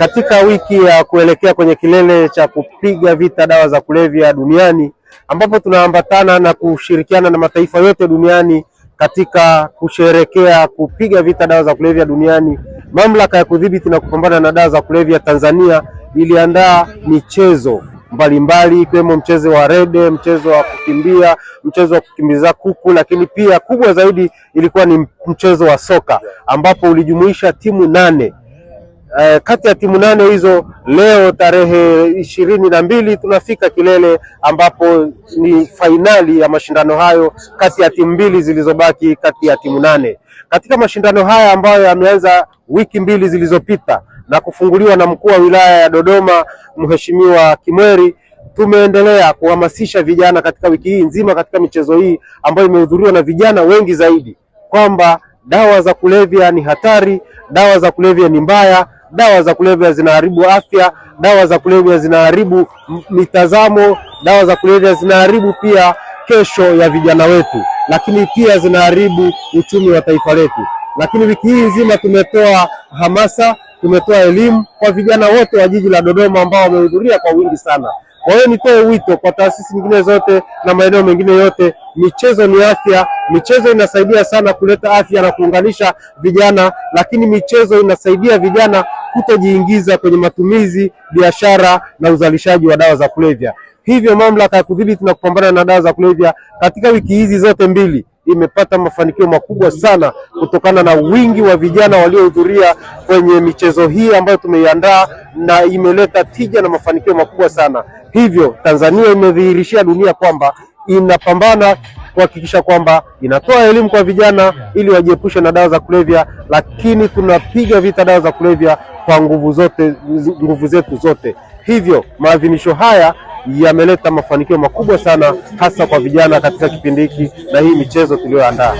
Katika wiki ya kuelekea kwenye kilele cha kupiga vita dawa za kulevya duniani ambapo tunaambatana na kushirikiana na mataifa yote duniani katika kusherekea kupiga vita dawa za kulevya duniani, mamlaka ya kudhibiti na kupambana na dawa za kulevya Tanzania iliandaa michezo mbalimbali ikiwemo mchezo wa rede, mchezo wa kukimbia, mchezo wa kukimbiza kuku, lakini pia kubwa zaidi ilikuwa ni mchezo wa soka ambapo ulijumuisha timu nane eh, kati ya timu nane hizo leo tarehe ishirini na mbili tunafika kilele ambapo ni fainali ya mashindano hayo kati ya timu mbili zilizobaki kati ya timu nane katika mashindano haya ambayo yameanza wiki mbili zilizopita na kufunguliwa na mkuu wa wilaya ya Dodoma Mheshimiwa Kimweri. Tumeendelea kuhamasisha vijana katika wiki hii nzima katika michezo hii ambayo imehudhuriwa na vijana wengi zaidi, kwamba dawa za kulevya ni hatari, dawa za kulevya ni mbaya, dawa za kulevya zinaharibu afya, dawa za kulevya zinaharibu mitazamo, dawa za kulevya zinaharibu pia kesho ya vijana wetu, lakini pia zinaharibu uchumi wa taifa letu. Lakini wiki hii nzima tumetoa hamasa, tumetoa elimu kwa vijana wote wa jiji la Dodoma ambao wamehudhuria kwa wingi sana. Kwa hiyo nitoe wito kwa taasisi nyingine zote na maeneo mengine yote, michezo ni afya. Michezo inasaidia sana kuleta afya na kuunganisha vijana, lakini michezo inasaidia vijana kutojiingiza kwenye matumizi, biashara na uzalishaji wa dawa za kulevya. Hivyo mamlaka ya kudhibiti na kupambana na dawa za kulevya katika wiki hizi zote mbili imepata mafanikio makubwa sana kutokana na wingi wa vijana waliohudhuria kwenye michezo hii ambayo tumeiandaa na imeleta tija na mafanikio makubwa sana. Hivyo Tanzania imedhihirishia dunia kwamba inapambana kuhakikisha kwamba inatoa elimu kwa vijana ili wajiepushe na dawa za kulevya, lakini tunapiga vita dawa za kulevya kwa nguvu zote, nguvu zetu zote. Hivyo maadhimisho haya yameleta mafanikio makubwa sana hasa kwa vijana katika kipindi hiki na hii michezo tuliyoandaa.